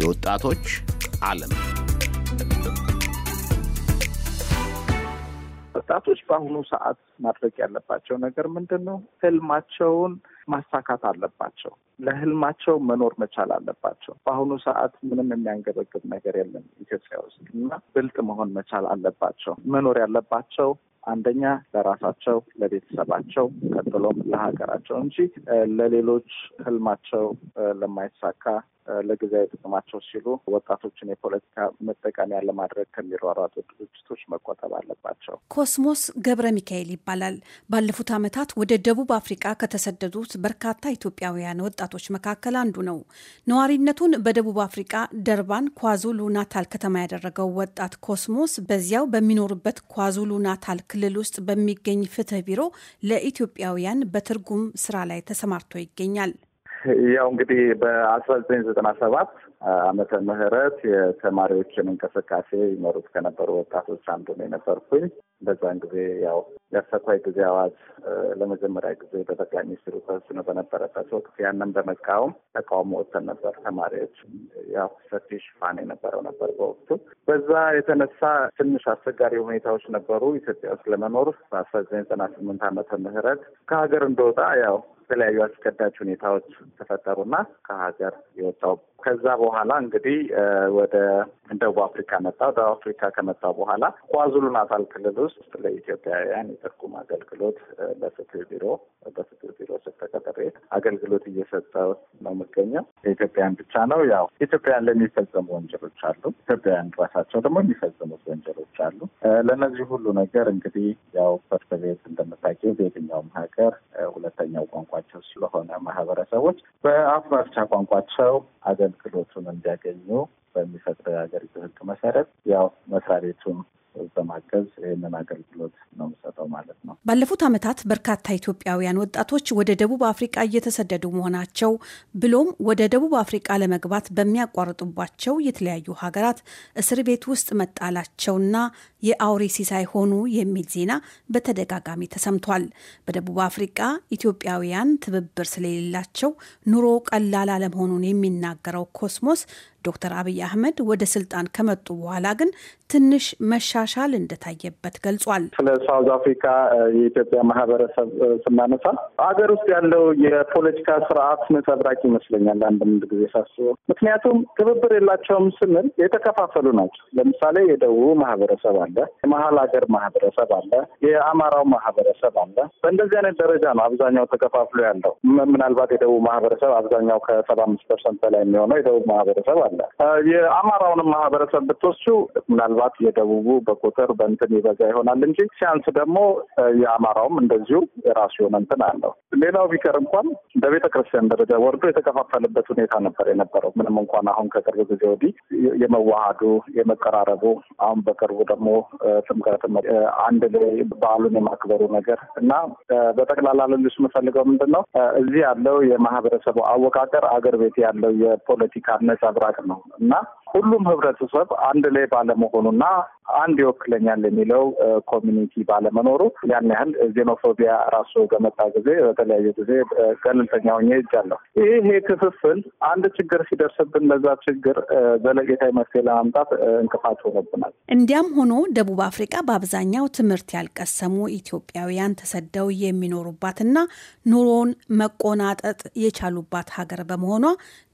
የወጣቶች ዓለም ወጣቶች በአሁኑ ሰዓት ማድረግ ያለባቸው ነገር ምንድን ነው? ህልማቸውን ማሳካት አለባቸው። ለህልማቸው መኖር መቻል አለባቸው። በአሁኑ ሰዓት ምንም የሚያንገበግብ ነገር የለም ኢትዮጵያ ውስጥ እና ብልጥ መሆን መቻል አለባቸው። መኖር ያለባቸው አንደኛ ለራሳቸው፣ ለቤተሰባቸው፣ ቀጥሎም ለሀገራቸው እንጂ ለሌሎች ህልማቸው ለማይሳካ ለጊዜያዊ ጥቅማቸው ሲሉ ወጣቶችን የፖለቲካ መጠቀሚያ ለማድረግ ከሚሯሯጡ ድርጅቶች መቆጠብ አለባቸው። ኮስሞስ ገብረ ሚካኤል ይባላል። ባለፉት ዓመታት ወደ ደቡብ አፍሪካ ከተሰደዱት በርካታ ኢትዮጵያውያን ወጣቶች መካከል አንዱ ነው። ነዋሪነቱን በደቡብ አፍሪካ ደርባን ኳዙሉ ናታል ከተማ ያደረገው ወጣት ኮስሞስ በዚያው በሚኖርበት ኳዙሉ ናታል ክልል ውስጥ በሚገኝ ፍትህ ቢሮ ለኢትዮጵያውያን በትርጉም ስራ ላይ ተሰማርቶ ይገኛል። ያው እንግዲህ በአስራ ዘጠኝ ዘጠና ሰባት አመተ ምህረት የተማሪዎችን እንቅስቃሴ ይመሩት ከነበሩ ወጣቶች አንዱ ነው የነበርኩኝ። በዛን ጊዜ ያው የአስቸኳይ ጊዜ አዋጅ ለመጀመሪያ ጊዜ በጠቅላይ ሚኒስትሩ ተወስኖ በነበረበት ወቅት ያንን በመቃወም ተቃውሞ ወጥተን ነበር ተማሪዎች። ያው ሰፊ ሽፋን የነበረው ነበር በወቅቱ። በዛ የተነሳ ትንሽ አስቸጋሪ ሁኔታዎች ነበሩ ኢትዮጵያ ውስጥ ለመኖር በአስራ ዘጠኝ ዘጠና ስምንት ዓመተ ምህረት ከሀገር እንደወጣ ያው የተለያዩ አስገዳጅ ሁኔታዎች ተፈጠሩና ከሀገር የወጣው ከዛ በኋላ እንግዲህ ወደ ደቡብ አፍሪካ መጣ። ደቡብ አፍሪካ ከመጣ በኋላ ኳዙሉ ናታል ክልል ውስጥ ለኢትዮጵያውያን የትርጉም አገልግሎት በፍትህ ቢሮ በፍትህ ቢሮ ስር አገልግሎት እየሰጠ ነው የምገኘው። የኢትዮጵያን ብቻ ነው ያው ኢትዮጵያን ለሚፈጸሙ ወንጀሎች አሉ፣ ኢትዮጵያውያን ራሳቸው ደግሞ የሚፈጽሙት ወንጀሎች አሉ። ለእነዚህ ሁሉ ነገር እንግዲህ ያው ፍርድ ቤት እንደምታውቂው በየትኛውም ሀገር ሁለተኛው ቋንቋቸው ስለሆነ ማህበረሰቦች በአፍ መፍቻ ቋንቋቸው አገልግሎቱን እንዲያገኙ በሚፈቅድ የሀገሪቱ ሕግ መሰረት ያው መስሪያ ቤቱን በማገዝ ይህንን አገልግሎት ባለፉት ዓመታት በርካታ ኢትዮጵያውያን ወጣቶች ወደ ደቡብ አፍሪቃ እየተሰደዱ መሆናቸው ብሎም ወደ ደቡብ አፍሪቃ ለመግባት በሚያቋርጡባቸው የተለያዩ ሀገራት እስር ቤት ውስጥ መጣላቸውና የአውሬ ሲሳይ ሆኑ የሚል ዜና በተደጋጋሚ ተሰምቷል። በደቡብ አፍሪቃ ኢትዮጵያውያን ትብብር ስለሌላቸው ኑሮ ቀላል አለመሆኑን የሚናገረው ኮስሞስ ዶክተር አብይ አህመድ ወደ ስልጣን ከመጡ በኋላ ግን ትንሽ መሻሻል እንደታየበት ገልጿል። ስለ ሳውዝ አፍሪካ የኢትዮጵያ ማህበረሰብ ስናነሳ ሀገር ውስጥ ያለው የፖለቲካ ስርዓት ነጸብራቅ ይመስለኛል አንድ ጊዜ ሳስበው። ምክንያቱም ትብብር የላቸውም ስንል የተከፋፈሉ ናቸው። ለምሳሌ የደቡብ ማህበረሰብ አለ፣ የመሀል ሀገር ማህበረሰብ አለ፣ የአማራው ማህበረሰብ አለ። በእንደዚህ አይነት ደረጃ ነው አብዛኛው ተከፋፍሎ ያለው። ምናልባት የደቡብ ማህበረሰብ አብዛኛው ከሰባ አምስት ፐርሰንት በላይ የሚሆነው የደቡብ ማህበረሰብ አለ አለ። የአማራውንም ማህበረሰብ ብትወስዱ ምናልባት የደቡቡ በቁጥር በእንትን ይበዛ ይሆናል እንጂ ሲያንስ ደግሞ የአማራውም እንደዚሁ የራሱ የሆነ እንትን አለው። ሌላው ቢቀር እንኳን በቤተ ክርስቲያን ደረጃ ወርዶ የተከፋፈለበት ሁኔታ ነበር የነበረው። ምንም እንኳን አሁን ከቅርብ ጊዜ ወዲህ የመዋሃዱ የመቀራረቡ፣ አሁን በቅርቡ ደግሞ ጥምቀት አንድ ላይ በዓሉን የማክበሩ ነገር እና በጠቅላላ ልልሽ የምፈልገው ምንድን ነው እዚህ ያለው የማህበረሰቡ አወቃቀር አገር ቤት ያለው የፖለቲካ ነጸብራቅ ነው እና ሁሉም ህብረተሰብ አንድ ላይ ባለመሆኑና አንድ ይወክለኛል የሚለው ኮሚኒቲ ባለመኖሩ ያን ያህል ዜኖፎቢያ ራሱ በመጣ ጊዜ በተለያየ ጊዜ ገለልተኛ ሆኜ ይጃለሁ። ይሄ ክፍፍል አንድ ችግር ሲደርስብን ለዛ ችግር ዘለቄታዊ መፍትሄ ለማምጣት እንቅፋት ሆነብናል። እንዲያም ሆኖ ደቡብ አፍሪቃ በአብዛኛው ትምህርት ያልቀሰሙ ኢትዮጵያውያን ተሰደው የሚኖሩባትና ኑሮውን መቆናጠጥ የቻሉባት ሀገር በመሆኗ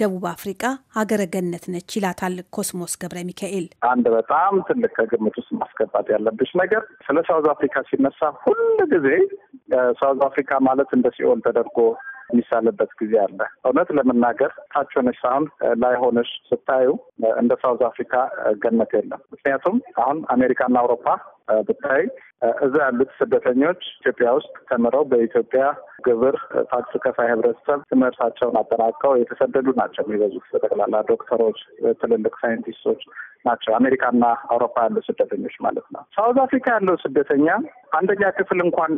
ደቡብ አፍሪቃ ሀገረ ገነት ነች ይላታል ኮስሞስ ገብረ ሚካኤል። አንድ በጣም ትልቅ ከግምት ውስጥ ማስገባት ያለብሽ ነገር ስለ ሳውዝ አፍሪካ ሲነሳ ሁሉ ጊዜ ሳውዝ አፍሪካ ማለት እንደ ሲኦል ተደርጎ የሚሳልበት ጊዜ አለ። እውነት ለመናገር ታች ሆነሽ ሳይሆን ላይ ሆነሽ ስታዩ እንደ ሳውዝ አፍሪካ ገነት የለም። ምክንያቱም አሁን አሜሪካና አውሮፓ ብታይ እዛ ያሉት ስደተኞች ኢትዮጵያ ውስጥ ተምረው በኢትዮጵያ ግብር ታክስ ከፋይ ህብረተሰብ ትምህርታቸውን አጠናቀው የተሰደዱ ናቸው። የሚበዙት በጠቅላላ ዶክተሮች፣ ትልልቅ ሳይንቲስቶች ናቸው። አሜሪካና አውሮፓ ያሉ ስደተኞች ማለት ነው። ሳውዝ አፍሪካ ያለው ስደተኛ አንደኛ ክፍል እንኳን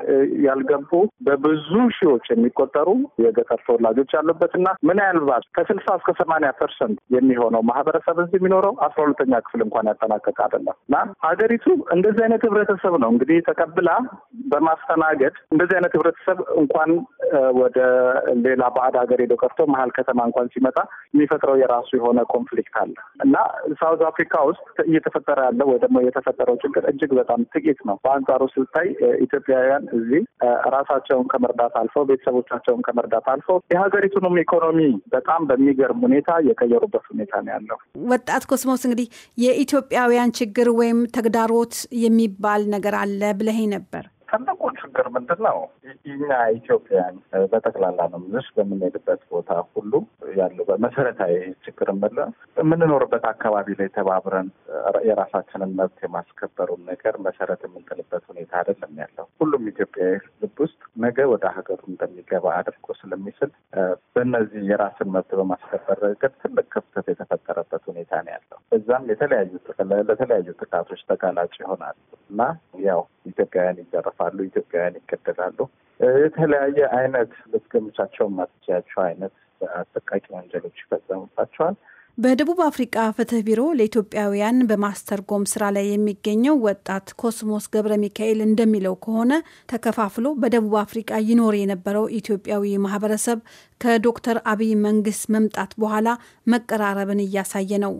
ያልገቡ በብዙ ሺዎች የሚቆጠሩ የገጠር ተወላጆች ያሉበት እና ምን ያልባት ከስልሳ እስከ ሰማንያ ፐርሰንት የሚሆነው ማህበረሰብ እዚህ የሚኖረው አስራ ሁለተኛ ክፍል እንኳን ያጠናቀቀ አይደለም እና ሀገሪቱ እንደዚህ አይነት ህብረተሰብ ነው እንግዲህ ተቀብላ በማስተናገድ እንደዚህ አይነት ህብረተሰብ እንኳን ወደ ሌላ ባዕድ ሀገር ሄዶ ቀርቶ መሀል ከተማ እንኳን ሲመጣ የሚፈጥረው የራሱ የሆነ ኮንፍሊክት አለ እና ሳውዝ አፍሪካ ውስጥ እየተፈጠረ ያለው ወይ ደግሞ የተፈጠረው ችግር እጅግ በጣም ጥቂት ነው። በአንጻሩ ስታይ ኢትዮጵያውያን እዚህ ራሳቸውን ከመርዳት አልፈው ቤተሰቦቻቸውን ከመርዳት አልፈው የሀገሪቱንም ኢኮኖሚ በጣም በሚገርም ሁኔታ የቀየሩበት ሁኔታ ነው ያለው። ወጣት ኮስሞስ እንግዲህ የኢትዮጵያውያን ችግር ወይም ተግዳሮት የሚባል ነገር አለ አለ ብለኸኝ ነበር። ትልቁ ችግር ምንድን ነው? እኛ ኢትዮጵያን በጠቅላላ ነው ምንሽ በምንሄድበት ቦታ ሁሉ ያለው በመሰረታዊ ችግር ምለ የምንኖርበት አካባቢ ላይ ተባብረን የራሳችንን መብት የማስከበሩን ነገር መሰረት የምንጥልበት ሁኔታ አይደለም ያለው። ሁሉም ኢትዮጵያዊ ልብ ውስጥ ነገ ወደ ሀገሩ እንደሚገባ አድርጎ ስለሚስል በእነዚህ የራስን መብት በማስከበር ረገድ ትልቅ ክፍተት የተፈጠረበት ሁኔታ ነው ያለው። በዛም የተለያዩ ለተለያዩ ጥቃቶች ተጋላጭ ይሆናል እና ያው ኢትዮጵያውያን ይዘረፋሉ፣ ኢትዮጵያውያን ይገደላሉ። የተለያየ አይነት ልትገምቻቸው ማትችያቸው አይነት አሰቃቂ ወንጀሎች ይፈጸሙባቸዋል። በደቡብ አፍሪቃ ፍትህ ቢሮ ለኢትዮጵያውያን በማስተርጎም ስራ ላይ የሚገኘው ወጣት ኮስሞስ ገብረ ሚካኤል እንደሚለው ከሆነ ተከፋፍሎ በደቡብ አፍሪቃ ይኖር የነበረው ኢትዮጵያዊ ማህበረሰብ ከዶክተር አብይ መንግስት መምጣት በኋላ መቀራረብን እያሳየ ነው።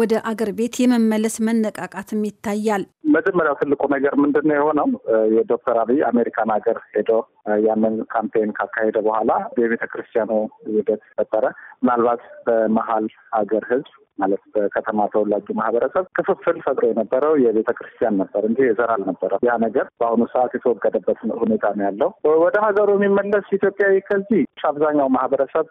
ወደ አገር ቤት የመመለስ መነቃቃትም ይታያል። መጀመሪያው ትልቁ ነገር ምንድን ነው የሆነው? የዶክተር አብይ አሜሪካን ሀገር ሄዶ ያንን ካምፔን ካካሄደ በኋላ የቤተ ክርስቲያኑ ሂደት ፈጠረ። ምናልባት በመሀል ሀገር ህዝብ ማለት በከተማ ተወላጁ ማህበረሰብ ክፍፍል ፈጥሮ የነበረው የቤተ ክርስቲያን ነበር እንጂ የዘር አልነበረ። ያ ነገር በአሁኑ ሰዓት የተወገደበት ሁኔታ ነው ያለው። ወደ ሀገሩ የሚመለስ ኢትዮጵያዊ ከዚህ አብዛኛው ማህበረሰብ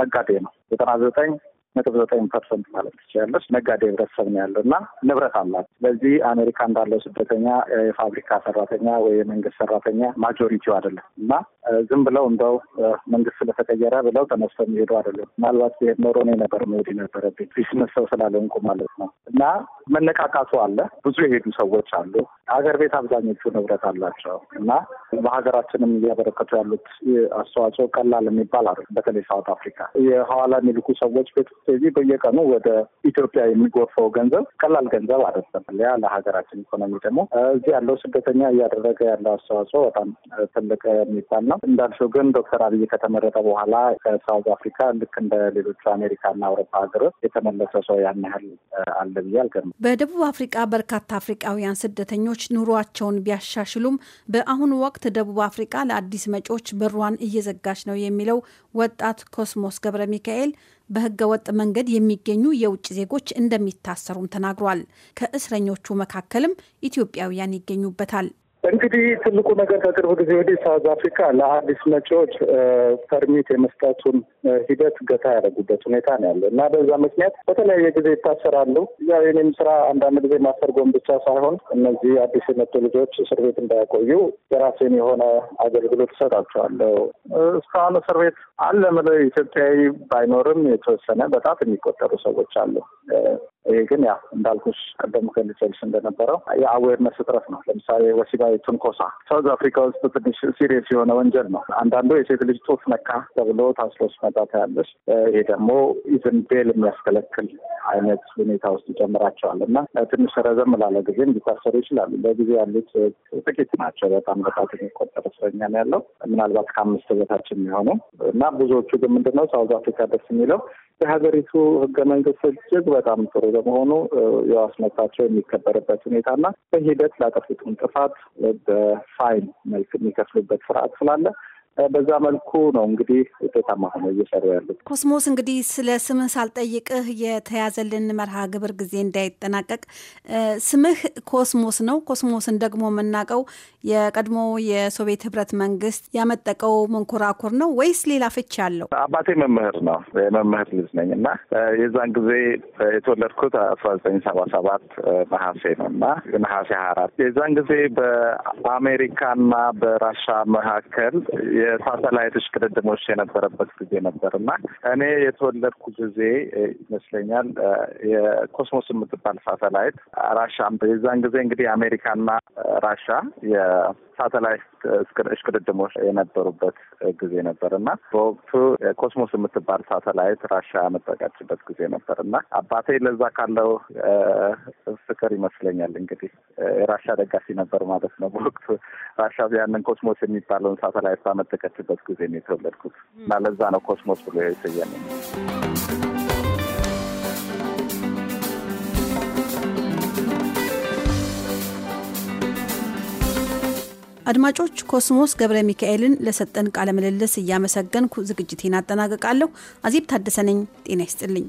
ነጋዴ ነው። ዘጠና ዘጠኝ ነጥብ ዘጠኝ ፐርሰንት ማለት ትችላለች። ነጋዴ ህብረተሰብ ነው ያለው እና ንብረት አላት። ስለዚህ አሜሪካ እንዳለው ስደተኛ የፋብሪካ ሰራተኛ ወይ የመንግስት ሰራተኛ ማጆሪቲው አይደለም እና ዝም ብለው እንደው መንግስት ስለተቀየረ ብለው ተነስተው የሚሄዱ አይደለም። ምናልባት ብሄድ ኖሮ እኔ ነበር መሄድ የነበረብኝ ቢዝነስ ሰው ስላለንኩ ማለት ነው። እና መነቃቃቱ አለ። ብዙ የሄዱ ሰዎች አሉ። ሀገር ቤት አብዛኞቹ ንብረት አላቸው እና በሀገራችንም እያበረከቱ ያሉት አስተዋጽኦ ቀላል የሚባል አይደለም። በተለይ ሳውት አፍሪካ የሀዋላ የሚልኩ ሰዎች ቤት በየቀኑ ወደ ኢትዮጵያ የሚጎርፈው ገንዘብ ቀላል ገንዘብ አይደለም። ያ ለሀገራችን ኢኮኖሚ ደግሞ እዚህ ያለው ስደተኛ እያደረገ ያለው አስተዋጽኦ በጣም ትልቅ የሚባል ነው። ነው። እንዳልሽው ግን ዶክተር አብይ ከተመረጠ በኋላ ከሳውዝ አፍሪካ ልክ እንደ ሌሎቹ አሜሪካና አውሮፓ ሀገሮች የተመለሰ ሰው ያን ያህል አለ ብዬ አልገርም። በደቡብ አፍሪቃ በርካታ አፍሪቃውያን ስደተኞች ኑሯቸውን ቢያሻሽሉም በአሁኑ ወቅት ደቡብ አፍሪቃ ለአዲስ መጪዎች በሯን እየዘጋች ነው የሚለው ወጣት ኮስሞስ ገብረ ሚካኤል በህገ ወጥ መንገድ የሚገኙ የውጭ ዜጎች እንደሚታሰሩም ተናግሯል። ከእስረኞቹ መካከልም ኢትዮጵያውያን ይገኙበታል። እንግዲህ ትልቁ ነገር ከቅርብ ጊዜ ወዲህ ሳውዝ አፍሪካ ለአዲስ መጪዎች ፐርሚት የመስጠቱን ሂደት ገታ ያደረጉበት ሁኔታ ነው ያለው እና በዛ ምክንያት በተለያየ ጊዜ ይታሰራሉ። ያው የኔም ስራ አንዳንድ ጊዜ ማሰርጎን ብቻ ሳይሆን እነዚህ አዲስ የመጡ ልጆች እስር ቤት እንዳያቆዩ የራሴን የሆነ አገልግሎት እሰጣቸዋለሁ። እስካሁን እስር ቤት አለ ምለው ኢትዮጵያዊ ባይኖርም የተወሰነ በጣት የሚቆጠሩ ሰዎች አሉ። ይሄ ግን ያው እንዳልኩሽ ቀደም ከልጨልሽ እንደነበረው የአዌርነስ እጥረት ነው። ለምሳሌ ወሲባዊ ትንኮሳ ሳውዝ አፍሪካ ውስጥ ትንሽ ሲሪየስ የሆነ ወንጀል ነው። አንዳንዱ የሴት ልጅ ጡት ነካ ተብሎ ታስሮ ሲመጣ ታያለሽ። ይሄ ደግሞ ኢዝን ቤል የሚያስከለክል አይነት ሁኔታ ውስጥ ይጨምራቸዋል እና ትንሽ ረዘም ላለ ጊዜም ሊታሰሩ ይችላሉ። በጊዜ ያሉት ጥቂት ናቸው። በጣም በጣት የሚቆጠር እስረኛ ነው ያለው ምናልባት ከአምስት በታች የሚሆኑ እና ብዙዎቹ ግን ምንድነው ሳውዝ አፍሪካ ደስ የሚለው የሀገሪቱ ህገ መንግስት እጅግ በጣም ጥሩ በመሆኑ የዋስ መብታቸው የሚከበርበት ሁኔታና በሂደት ላጠፉትን ጥፋት በፋይን መልክ የሚከፍሉበት ስርዓት ስላለ በዛ መልኩ ነው እንግዲህ ውጤታማ ሆነ እየሰሩ ያሉት። ኮስሞስ እንግዲህ ስለ ስምህ ሳልጠይቅህ የተያዘልን መርሃ ግብር ጊዜ እንዳይጠናቀቅ ስምህ ኮስሞስ ነው። ኮስሞስን ደግሞ የምናውቀው የቀድሞ የሶቪየት ህብረት መንግስት ያመጠቀው መንኮራኩር ነው ወይስ ሌላ ፍች አለው? አባቴ መምህር ነው። የመምህር ልጅ ነኝ እና የዛን ጊዜ የተወለድኩት አስራ ዘጠኝ ሰባ ሰባት ነሐሴ ነው እና ነሐሴ ሀያ አራት የዛን ጊዜ በአሜሪካና በራሻ መካከል የሳተላይቶች ቅድድሞች የነበረበት ጊዜ ነበር እና እኔ የተወለድኩ ጊዜ ይመስለኛል የኮስሞስ የምትባል ሳተላይት ራሻ የዛን ጊዜ እንግዲህ አሜሪካና ራሻ ሳተላይት እሽቅድድሞች የነበሩበት ጊዜ ነበር እና በወቅቱ ኮስሞስ የምትባል ሳተላይት ራሻ ያመጠቃችበት ጊዜ ነበር እና አባቴ ለዛ ካለው ፍቅር ይመስለኛል እንግዲህ የራሻ ደጋፊ ነበር ማለት ነው። በወቅቱ ራሻ ያንን ኮስሞስ የሚባለውን ሳተላይት ባመጠቀችበት ጊዜ ነው የተወለድኩት እና ለዛ ነው ኮስሞስ ብሎ የሰየመኝ። አድማጮች ኮስሞስ ገብረ ሚካኤልን ለሰጠን ቃለ ምልልስ እያመሰገንኩ ዝግጅቴን አጠናቅቃለሁ። አዜብ ታደሰነኝ ጤና ይስጥልኝ።